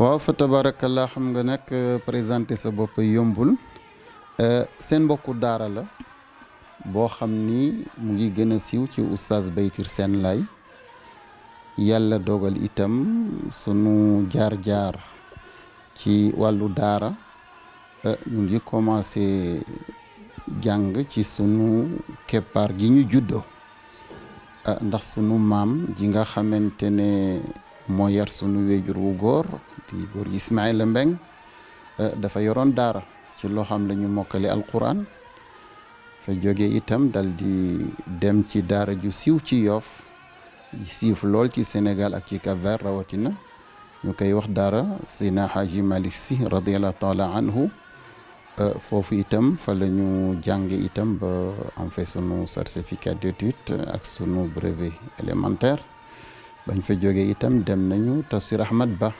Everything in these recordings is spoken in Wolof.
waaw fa tabarakallah nga nag euh, présenter sa bopp yombul euh, seen mbokku daara la boo xam ni mu ngi gën a siiw ci oustaz Baytir seen Laye yàlla dogal itam sunu jaar-jaar ci wàllu daara euh, ñu ngi commencé jàng ci sunu keppaar gi ñu juddoo ndax sunu maam ji nga xamante ne moo yar sunu wéyjur wu góor di góor gi Ismaïla Mbeng eh, dafa yoroon daara ci loo xam la ñu mokkale alquran fa jóge itam dal di dem ci daara ju siiw ci yoof siiw lool ci Sénégal ak ci Cap-Vert rawatina ñu koy wax daara Seyna Haji Malick Sy radiallahu taala anhu eh, foofu itam fa lañu ñu itam ba am fa sunu certificat d'étude ak sunu brevet élémentaire bañ fa jógee itam dem nañu tafsir Ahmad Ba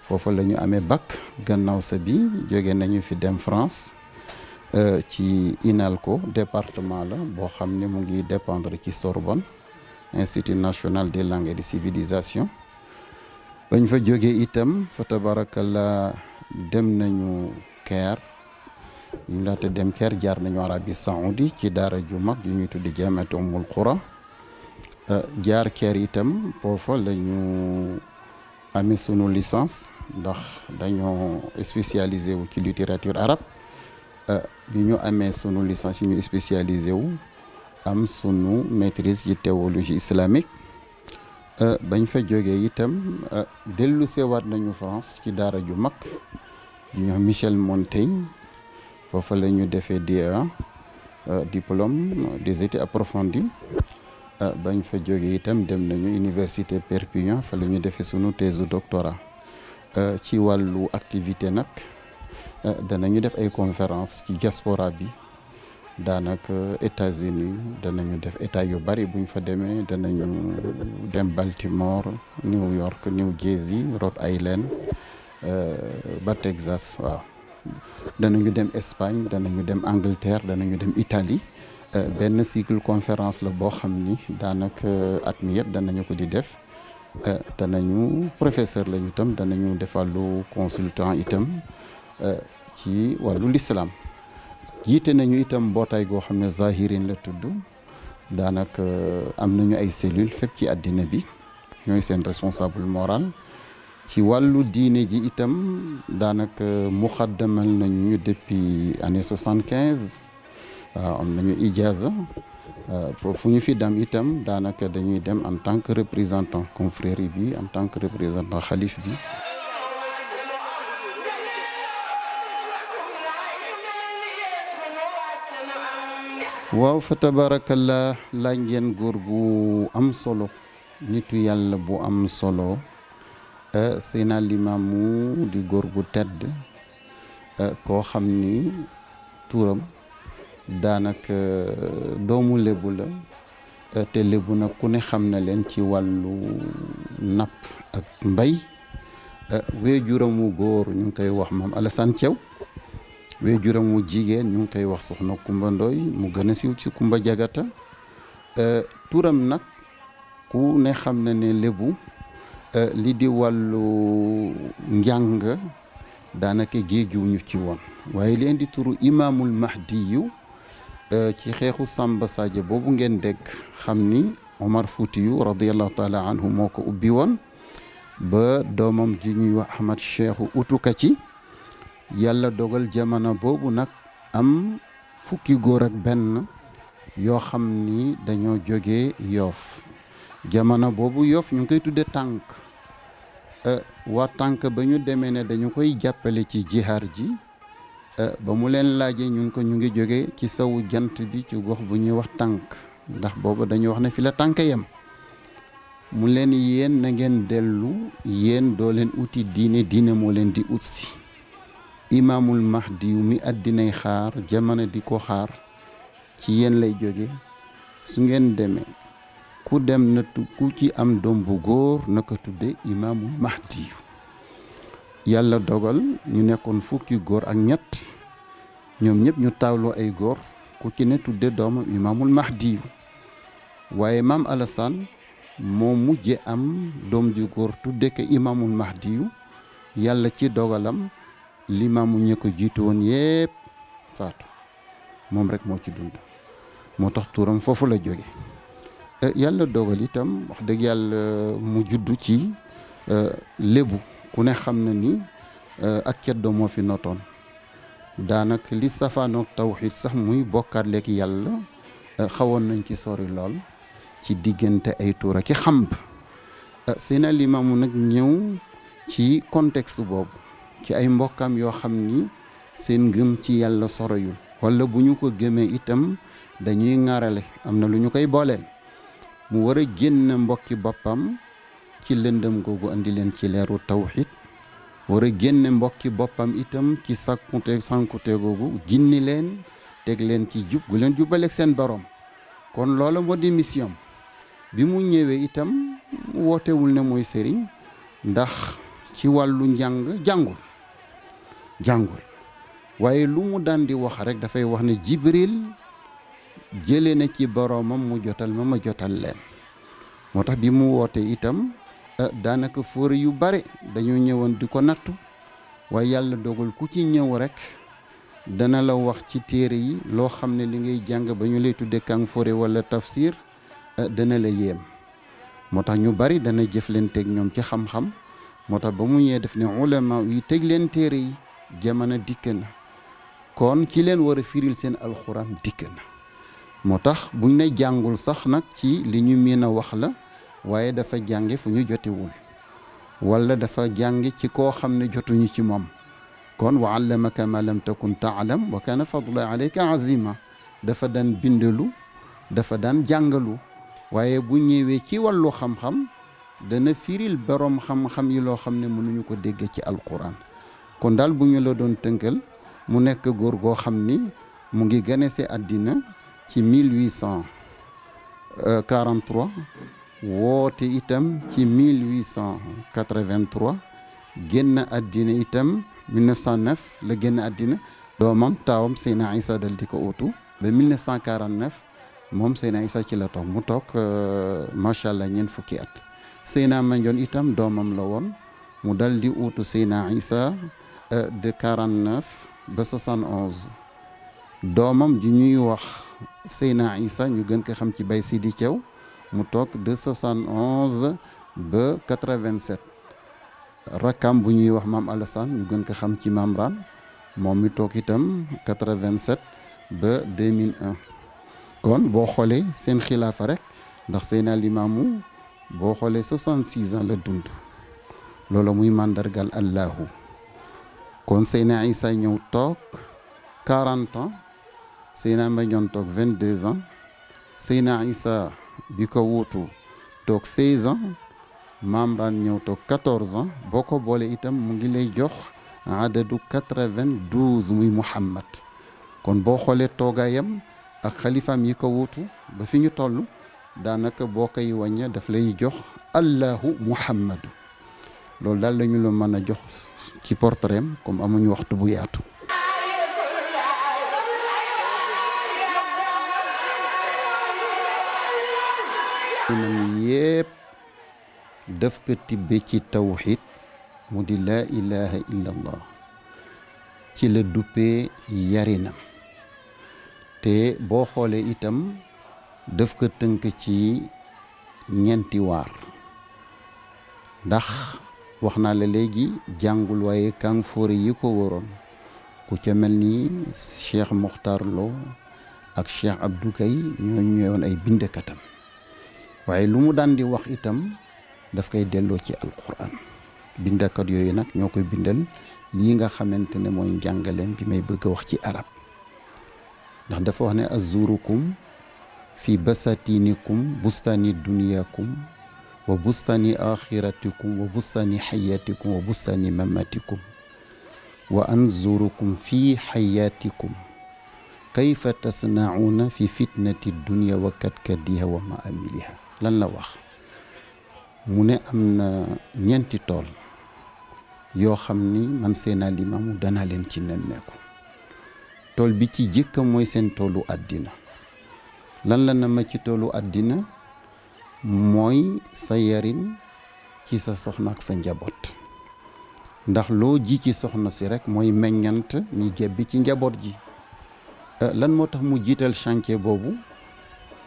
foofu lañu amee bac gannaaw sa bi jóge nañu fi dem France euh, ci INALCO département la boo xam ne mu ngi dépendre ci Sorbonne Institut national des langues et des civilisations bañ fa jógee itam fa tabarakallah dem nañu Caire ñu laata dem Caire jaar nañu Arabie Saoudi ci daara ju mag yu ñuy tuddi Jaamiatu Ummul Qura Euh, jaar keer yitam foofa la ñu amee sunu licence ndax dañoo spécialisé wu ci littérature arabe euh, bi ñu amee sunu licence yi ñu spécialisé wu am sunu maîtrise ci théologie islamique euh, bañ fa jógee itam dellu seewaat nañu France ci daara ju mag di ñu Michel Montaigne foofa la ñu defee DEA diplôme des études approfondies ah bañ fa jógee itam dem nañu université Perpignan fa la ñu defee sunu thèse doctorat ah, ci wàllu activité nag ah, danañu def ay conférence ci diaspora bi daanaka États-Unis danañu def état yu bari buñ fa demee danañu dem Baltimore New York New Jersey Rhode Island ah, ba Texas waaw danañu dem Espagne danañu dem Angleterre danañu dem Italie Euh, benn cycle conférence la boo xam ni daanaka euh, at mi yëpp danañu ko di def euh, danañu professeur lañu itam danañu defalu consultant itam ci wàllu lislaam jiite nañu itam mbootaay goo xam ne zahirin la tudd daanaka am nañu ay cellule fépp ci àddina bi ñooy seen responsable moral ci wàllu diine ji itam daanaka muxaddamal nañu depuis année soixante-quinze waaw am nañu ijaza euh, foofu ñu fi dem itam daanaka dañuy dem en tant que représentant confrérie bi en tant que représentant xalif bi waaw fa tabarakallah laaj ngeen góor gu am solo nitu yàlla bu am solo euh, Seydina Limaamu di góor gu tedd euh, koo xam ni tuuram daanaka euh, doomu lébu la euh, te lébu nag ku ne xam na leen ci wàllu napp ak mbay euh, weejuram wu góor ñu ngi koy wax maam Alassane Thiaw weejuram jigéen ñu ngi koy wax soxna Kumba Ndooy mu gën a siiw ci Kumba Jagata turam nag ku ne xam na ne lébu li di wàllu njàng daanaka géejuw ci woon waaye li indi turu imaamul mahdi yu Euh, ci xeexu Samba Sadio boobu ngeen dégg xam ni Omar Foutiyu radiallahu taala anhu moo ko ubbi woon ba doomam ji ñuy wax Ahmad Cheikhu utuka ci yàlla dogal jamono boobu nag am fukki góor ak benn yoo xam ni dañoo jóge yoof jamono boobu yoof ñu ngi koy tudde tànk euh, waa tànk ba ñu demee ne dañu koy jàppale ci jihaar ji Euh, ba mu leen laajee ñun ko ñu ngi jóge ci sawu jant bi ci gox bu ñuy wax tànk ndax boobu dañuy wax ne fi la tànk yam mu leen yeen na ngeen dellu yéen doo leen uti diine diine moo leen di ut si max diw mi addinay xaar jamono di ko xaar ci yéen lay jóge su ngeen demee ku dem na ku ci am doom bu góor na ko tudde imaamul mahdi yàlla dogal ñu nekkoon fukki góor ak ñett ñoom ñëpp ñu taawloo ay góor ku ci ne tudde doomam max mahdiyu waaye maam Alassane moo mujje am doom ju góor tudde ko max mahdiyu yàlla ci dogalam limaamu ñi ko jiitu woon yëpp faatu moom rek moo ci dund moo tax tuuram foofu la jóge e, yàlla dogal itam wax dëgg yàlla mu juddu ci e, lébu ku ne xam na ni e, ak ceddo moo fi notoon daanaka li safaanoog tawxiid sax muy bokkaaleeg yàlla eh, xawoon nañ ci sori lool ci diggante ay tuura ki xamb eh, Seydina Limaamu nag ñëw ci contexte boobu ci ay mbokkam yoo xam ni seen ngëm ci yàlla soroyul walla bu ñu ko gëmee itam dañuy ŋarale am na lu ñu koy booleel mu war a génn mbokki boppam ci lëndëm googu indi leen ci leeru tawxiid war a génne mbokki boppam itam ci sàkkute sànkute googu ginni leen teg leen ci jub gu leen jubaleeg seen borom kon loola moo di mission bi mu ñëwee itam wootewul ne mooy sëriñ ndax ci wàllu njàng jàngul jàngul waaye lu mu daan di wax rek dafay wax ne jibril jëlee na ci boromam mu jotal ma ma jotal leen moo tax bi mu wootee itam daanaka fóore yu bare dañoo ñëwoon di ko nattu waaye yàlla dogal ku ci ñëw rek dana la wax ci téere yi loo xam ne li ngay jàng ba ñu lay tuddee kàng fóore wala tafsir eh, dana la yéem moo tax ñu bari dana jëflanteeg ñoom ci xam-xam moo tax ba mu ñëwee def ne ulama yi teg leen téere yi jamono dikk na kon ci leen war a firil seen alxuraan dikk na moo tax buñ ne jàngul sax nag ci li ñu miin a wax la waaye dafa jàngi fu ñu jotewul wala dafa jàngi ci koo xam ne jotuñu ci moom kon wa allamaka ma lam takun taalam wa kana fadla alayka azima dafa daan bindalu dafa daan jàngalu waaye bu ñëwee ci wàllu xam-xam dana firil boroom xam-xam yi loo xam ne mënuñu ko dégg ci alquran kon daal bu ñu la doon tënkal mu nekk góor goo xam ni mu ngi gëna si àddina ci 1843 woote itam ci 1883 génn àddina itam 1909 la génn àddina doomam taawam Seyna Issa dal di ko utu ba 1949 moom Seyna Issa ci la toog mu toog euh, macha allah ñeent fukki at Seyna Mandione itam doomam la woon mu dal di utu Seyna Issa euh, de 49 ba 71 doomam ju ñuy wax Seyna Issa ñu gën ko xam ci bay Sidi Thiaw mu toog de 71 ba 87 rakkam bu ñuy wax maam Alassane ñu gën ko xam ci maam Raan moom mi toog itam quatre 87 ba 2001 kon boo xoolee seen xilaafa rek ndax Seydina Limaamu boo xoolee 66 ans la dund loolu muy màndargal Allahu kon Seydina Isa ñëw toog 40 ans Seydina Mbay ñoon toog 22 ans Seydina Isa bi ko wuutu toog 16 ans maam daan ñëw toog 14 ans boo ko boole itam mu ngi lay jox adadu 92 muy Muhammad kon boo xoolee toogaayam ak xalifaam yi ko wuutu ba fi ñu toll daanaka boo koy wàññe daf lay jox allahu muhammadu loolu daal la ñu la mën a jox ci portrait am comme amuñu waxtu bu yaatu daf ko tibbe ci tawxid mu di laa ilaha illa allah ci la duppee yarinam te boo xoolee itam def ko tënk ci ñeenti waar ndax wax naa la léegi jàngul waaye kàngfoore yi ko waroon ku ca mel ni Cheikh Mokhtar Lo ak Cheikh Abdou Kay ñoo ñëwoon ay bindekatam waaye lu mu daan di wax itam daf koy delloo ci alquran bindakat yooyu nag ñoo koy bindal lii nga xamante ne mooy njàngaleem bi may bëgg a wax ci arab ndax dafa wax ne azurukum fi basatinikum bustani duniyakum wa bustani axiratikum wa bustani xayatikum wa bustani mamatikum wa anzurukum fi xayatikum kayfa tasnauna fi fitnati dunia wa katkadiha wa maamiliha lan la wax mu ne am na ñeenti tool yoo xam ni man seenaa Limaamu dana leen ci nemmeeku tool bi ci jëkka mooy seen toolu àddina lan la na ma ci toolu àddina mooy sa yarin ci sa soxna ak sa njaboot ndax loo ji ci soxna si rek mooy meññant mi jebbi ci njaboot ji euh, lan moo tax mu jiital chantier boobu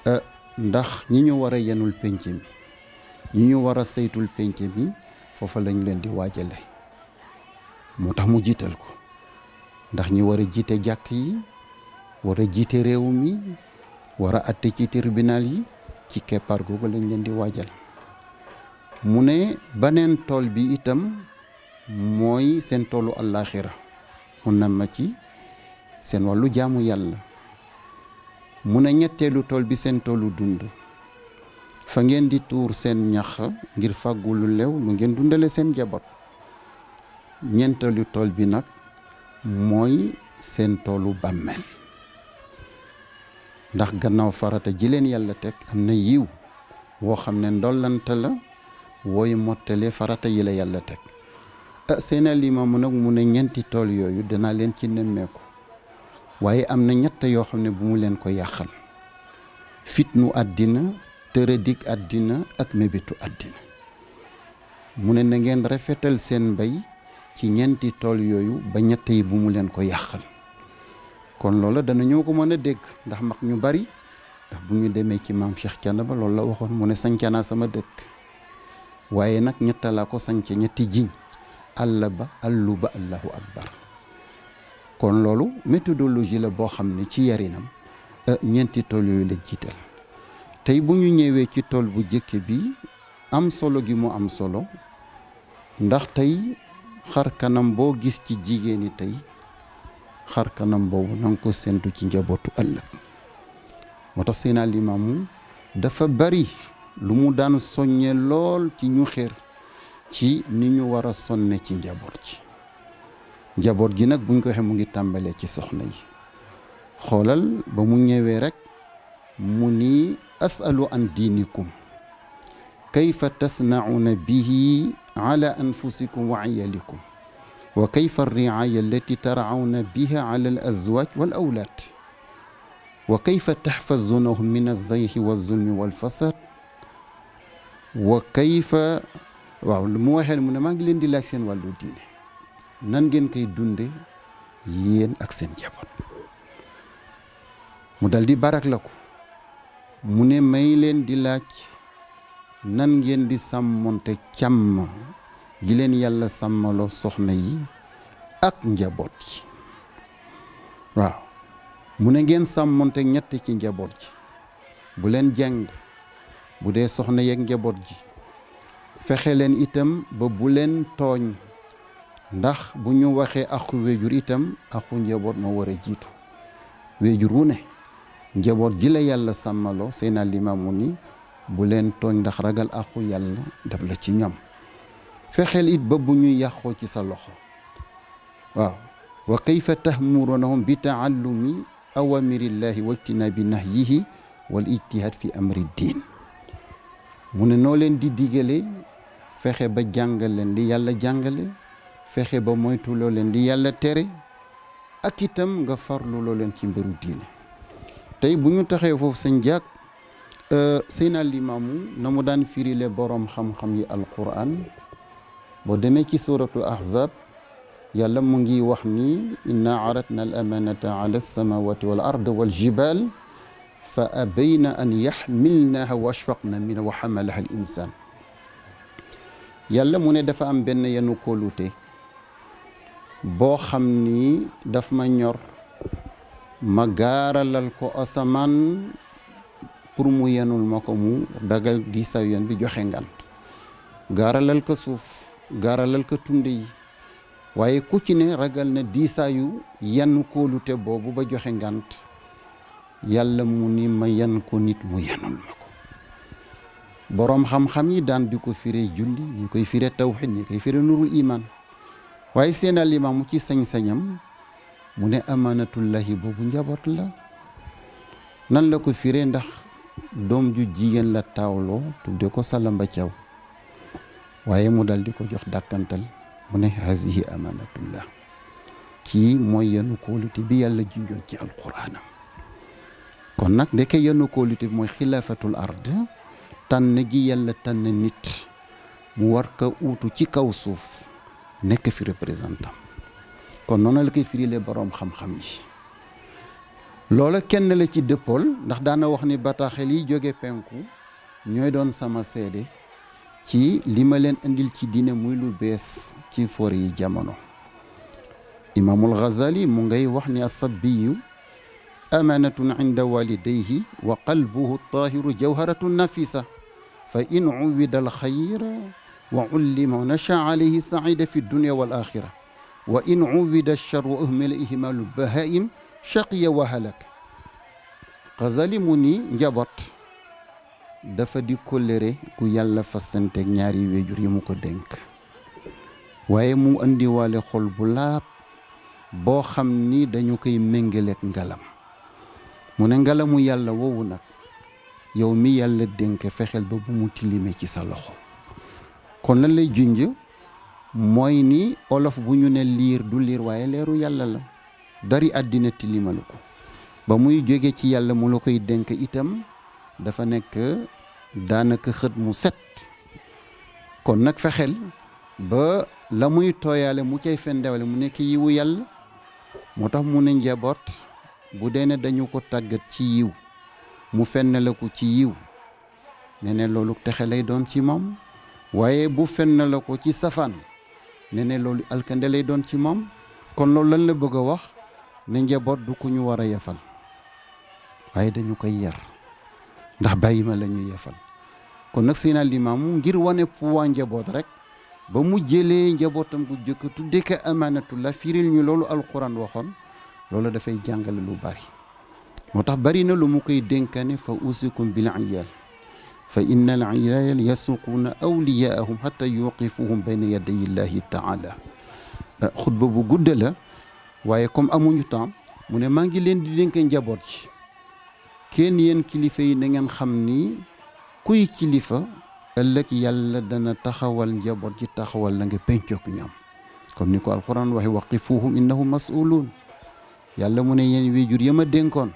euh, ndax ñi ñu war a yenul penc mi ñi ñu war a saytul penc mi foofa lañ leen di waajale moo tax mu jiital ko ndax ñi war a jiite jàkk yi war a jiite réew mi war a atte ci tirbinaal yi ci keppaar googu lañ leen di waajal mu ne beneen tool bi itam mooy seen toolu àllaaxira mun na ma ci seen wàllu jaamu yàlla mu ne ñetteelu tool bi seen toolu dund fa ngeen di tuur seen ñax ngir fàggu lu lew lu ngeen dundale seen njaboot ñeenteelu tool bi nag mooy seen toolu bàmmeel ndax gannaaw farata ji leen yàlla teg am na yiw woo xam ne ndollante la wooy mottale farata yi la yàlla teg ah, seen alimaamu nag mu ne ñeenti tool yooyu dana leen ci nemmeeku waaye am na ñett yoo xam ne bu mu leen ko yàqal fitnu àddina tërëdik àddina ak mébétu àddina mu ne na ngeen rafetal seen mbay ci ñeenti tool yooyu ba ñett yi bu mu leen ko yàqal kon loolu dana ñoo ko mën a dégg ndax mag ñu bari ndax bu ñu demee ci maam Cheikh ba loolu la waxoon mu ne sanca naa sama dëkk waaye nag ñetta laa ko sanca ñetti jiñ àll ba àllu ba allahu akbar kon loolu méthodologie la boo xam ne ci yarinam eh, ñeenti tool yooyu la jiital tey bu ñu ñëwee ci tool bu jëkke bi am solo gi mu am solo ndax tey xar kanam boo gis ci jigéen ñi tey xar kanam boobu na nga ko séntu ci njabootu ëllëg moo tax seen alimaamu dafa bari lu mu daan soññee lool ci ñu xër ci ni ñu war a sonne ci njaboot ji njaboot gi nag buñ ko waxee mu ngi tàmbalee ci soxna yi xoolal ba mu ñëwee rek mu ni asalu an diinikum kayfa tasnacuuna bihi ala anfusikum wa ciyalikum wa kayfa arricaaya allati tarcauna biha ala al azwaaj wal awlaad wa kayfa taxfazuunahum min alzayxi walzulmi walfasad wa kayfa waaw lu mu waxee mu ne maa ngi leen di laaj seen wàllu diine nan ngeen koy dunde yéen ak seen jaboot mu dal di barak la ko mu ne may leen di laaj nan ngeen di sàmmoonte càmm ji leen yàlla sàmmaloo soxna yi ak njaboot yi waaw mu ne ngeen sàmmonte ñett ci njaboot ji bu leen jàng bu dee soxna yeeg njaboot ji fexe leen itam ba bu leen tooñ ndax bu ñu waxee aqu wéjur itam aqu njaboot moo war a jiitu wéjur wu ne njaboot ji la yàlla sàmmaloo Seydina Limaamu ni bu leen tooñ ndax ragal àqu yàlla def la ci ñoom fexeel it ba bu ñuy yàqoo ci sa loxo waaw wa kayfa tahmuronahum bi taallumi awamirillahi bi ijtinaabi nahyihi wal ijtihaad fi amri diin mu ne noo leen di digale fexe ba jàngal leen li yàlla jàngale fexe ba moytuloo leen li yàlla tere ak itam nga farlu loo leen ci mbiru diine tey bu ñu taxee foofu sëñ Diack euh, Seydina Limaamu na mu daan firile boroom xam-xam yi alquran boo demee ci suratul ahzab yàlla mu ngi wax ni inna aradna al amanata ala alsamawati wal ard wal jibal fa abayna an yaxmilnaha wa ashfaqna min wa xamalaha al insan yàlla mu ne dafa am benn yenu kóolute boo xam ni daf ma ñor ma gaaralal ko asamaan pour mu yenul ma ko mu dagal di saw bi joxe ngant gaaralal ko suuf gaaralal ko tunde yi waaye ku ci ne ragal na diisaayu yan kóolute boobu ba joxe ngant yàlla mu ni ma yan ko nit mu yanul ma ko boroom xam-xam yi daan di ko fire julli ñi koy fire tawxid ñi koy fire nurul iman waaye seen alimaam mu ci sañ-sañam mu ne amaanatullahi boobu njaboot la nan la ko firee ndax doom ju jigéen la taawloo tudde ko Salamba Thiaw waaye mu dal di ko jox dakkantal mu ne hazihi amaanatullah kii mooy yenu kóolute bi yàlla junjoon ci alquraanam kon nag ndeke yenu kóolute bi mooy xilaafatul ard tànn gi yàlla tànn nit mu war ko uutu ci kaw suuf nekk fi représentant kon noonu la koy firile boroom xam-xam yi loola kenn la ci dëppool ndax daana wax ni bataaxel yi jóge penku ñooy doon sama seede ci li ma leen indil ci diine muy lu bees ci for yi jamono imaamul mu ngay wax ni asabbiyu amanatun inda walidayhi wa qalbuhu tahiru jawharatun nafisa fa in uwida alxayra wa ullima nasha alayhi saida fi dunia wal axira wa in uwida charru uhmila ihmalu bahaim chaqiya wa halak xazali mu ni njaboot dafa di kóllëre ku yàlla fasanteeg ñaari wéjur yi mu ko dénk waaye mu indiwaale xol bu laab boo xam ni dañu koy méngaleeg ngalam mu ne ngalamu yàlla wowu nag yow mi yàlla dénk fexeel ba bu mu tilime ci sa loxo kon lan junj mooy ni olof bu ñu ne liir du liir waaye leeru yàlla la dari àddina tilimalu ko ba muy jóge ci yàlla mu la koy dénk itam dafa nekk daanaka xët mu set kon nag fexeel ba la muy tooyaale mu cay fendewale mu nekk yiwu yàlla moo tax mu ne njaboot bu dee ne dañu ko tàggat ci yiw mu ko ci yiw ne ne loolu texe lay doon ci moom waaye bu fennale ko ci safaan nee ne loolu alkande lay doon ci moom kon loolu lan la bëgg wax ne njaboot du ko ñu war a yefal waaye dañu koy yar ndax bàyyi ma lañuy ñuy kon nag Seydina Limaamu ngir wane poids njaboot rek ba mu jëlee njabootam gu jëkk tudde ko amaanatullah firil ñu loolu alquran waxoon loolu dafay jàngale lu bari moo tax bari na lu mu koy dénkane fa usikum bil iyal fa inna al iyaal yasuquuna awliyaahum xata yuqifuhum bayna yaday illahi taala euh, xutba bu gudda la waaye comme amuñu temps mu ne maa ngi leen di dénk njaboot ci kenn yéen kilifa yi na ngeen xam ni kuy kilifa ëllëg yàlla dana taxawal njaboot ci taxawal la nga pencook ñoom comme ni ko alquran waxe waqifuhum innahum masuluun yàlla mu ne yéen waajur yama dénkoon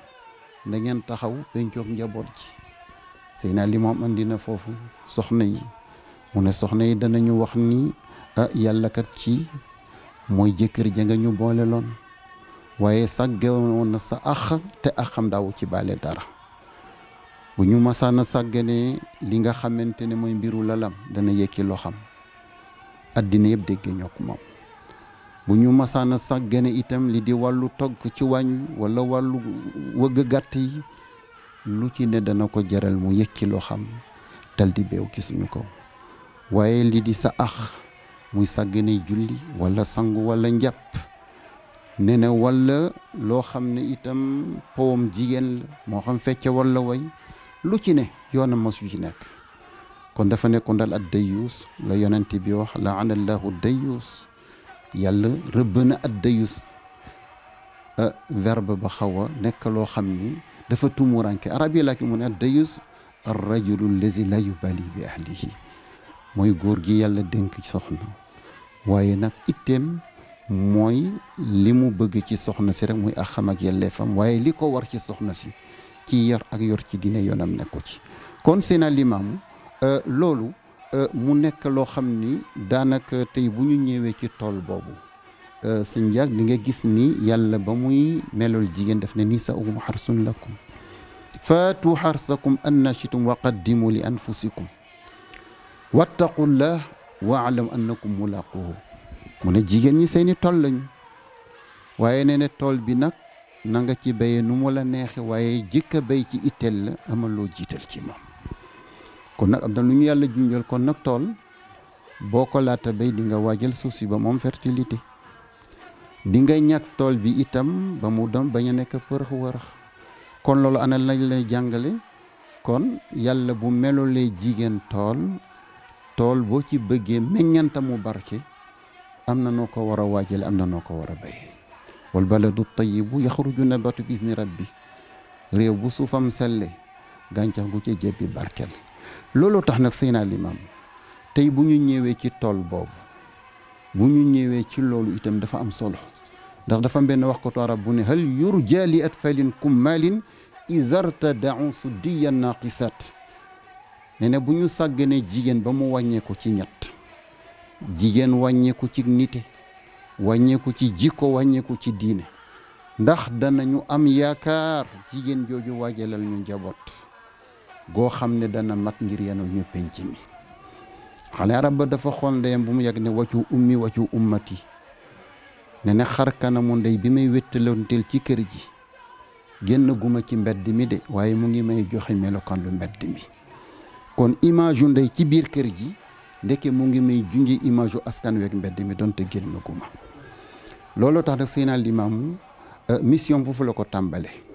na ngeen taxaw pencook njaboot ci naa Limaam andi na foofu soxna yi mu ne soxna yi danañu wax ni ah yàlla kat ci mooy jëkkër ja nga ñu boole loon waaye sàggewoon na sa ax te axam daaw ci bale dara bu ñu masaana sàggane li nga xamante ne mooy mbiru lalam dana yëkki loxam addina yëpp dégg ñoo moom bu ñu masaana sàggane itam li di wàllu togg ci wàññ wala wàllu wëgg gàtt yi lu ci ne dana ko jaral mu yëkki loo xam dal di beew ci suñu kaw waaye lii di sa ax muy sàggane julli walla sangu walla njàpp ne ne wala loo xam ne itam powam jigéen la moo xam fecce wala way lu ci ne yoonam masu ci nekk kon dafa nekkoon daal ak dayuus la yonent bi wax la laanallahu dayuus yàlla rëbb na ak dayuus ah, verbe ba xaw nekk loo xam ni dafa tumuranke arab yi làkki mu ne dayus arrajulu lazi la yubali bi ahlihi mooy góor gi yàlla dénk soxna waaye nag itteem mooy li mu bëgg ci soxna si rek mooy ak xam ak yelleefam waaye li ko war ci soxna si ci yor ak yor ci dina yoonam nekku ci kon Seydina Limaamu euh, loolu euh, mu nekk loo xam ni daanaka tey bu ñu ñëwee ci tool boobu Euh, sëñ Diak di nga gis ni yàlla ba muy melul jigéen daf ne nisaa'ukum harsun lakum faatu harsakum anna shitum wa qaddimu li anfusikum wattaqullah waalam annakum mulaquhu mu ne jigéen ñi seeni tool lañu waaye nee na tool bi nag na nga ci béye nu mu la neexe waaye jëkk a béy ci itteel la amaloo jiital ci moom kon nag am na lu ñu yàlla junjal kon nag tool boo ko laata béy di nga waajal suuf si ba moom fertilité di nga ñàkk tool bi itam ba mu doon bañ a nekk përëx warax kon loolu ana lañ lay jàngale kon yàlla bu melolee jigéen tool tool boo ci bëggee meññanta mu barke am na noo ko war a waajale am na noo ko war a bay wal baladu tayibu yaxruju gis bi izni bi réew bu suufam selle gàncax gu ci jebbi barkel looloo tax nag sëy naa limaam tey bu ñu ñëwee ci tool boobu bu ñu ñëwee ci loolu itam dafa am solo ndax dafa am benn wax ko arab bu ne hal yurja li atfalin kummalin isarta dau suddiya naqisat ne ne bu ñu sàgganee jigéen ba mu wàññeeku ci ñett jigéen wàññeeku ci nite wàññeeku ci jikko wàññeeku ci diine ndax danañu am yaakaar jigéen jooju waajalal ñu njaboot goo xam ne dana mat ngir yenul ñu penc mi xale arab ba dafa xool bu mu yàgg ne waccu ummi waccu ummati ne ne xar kanamu ndey bi may wéttaloonteel ci kër ji génn guma ci mbedd mi de waaye mu ngi may joxe melokaan lu mbedd mi kon image ndey ci biir kër ji ndeke mu ngi may junje image askan weeg mbedd mi donte génn guma looloo tax nag Seydina Limaamu euh, mission foofu la ko tàmbale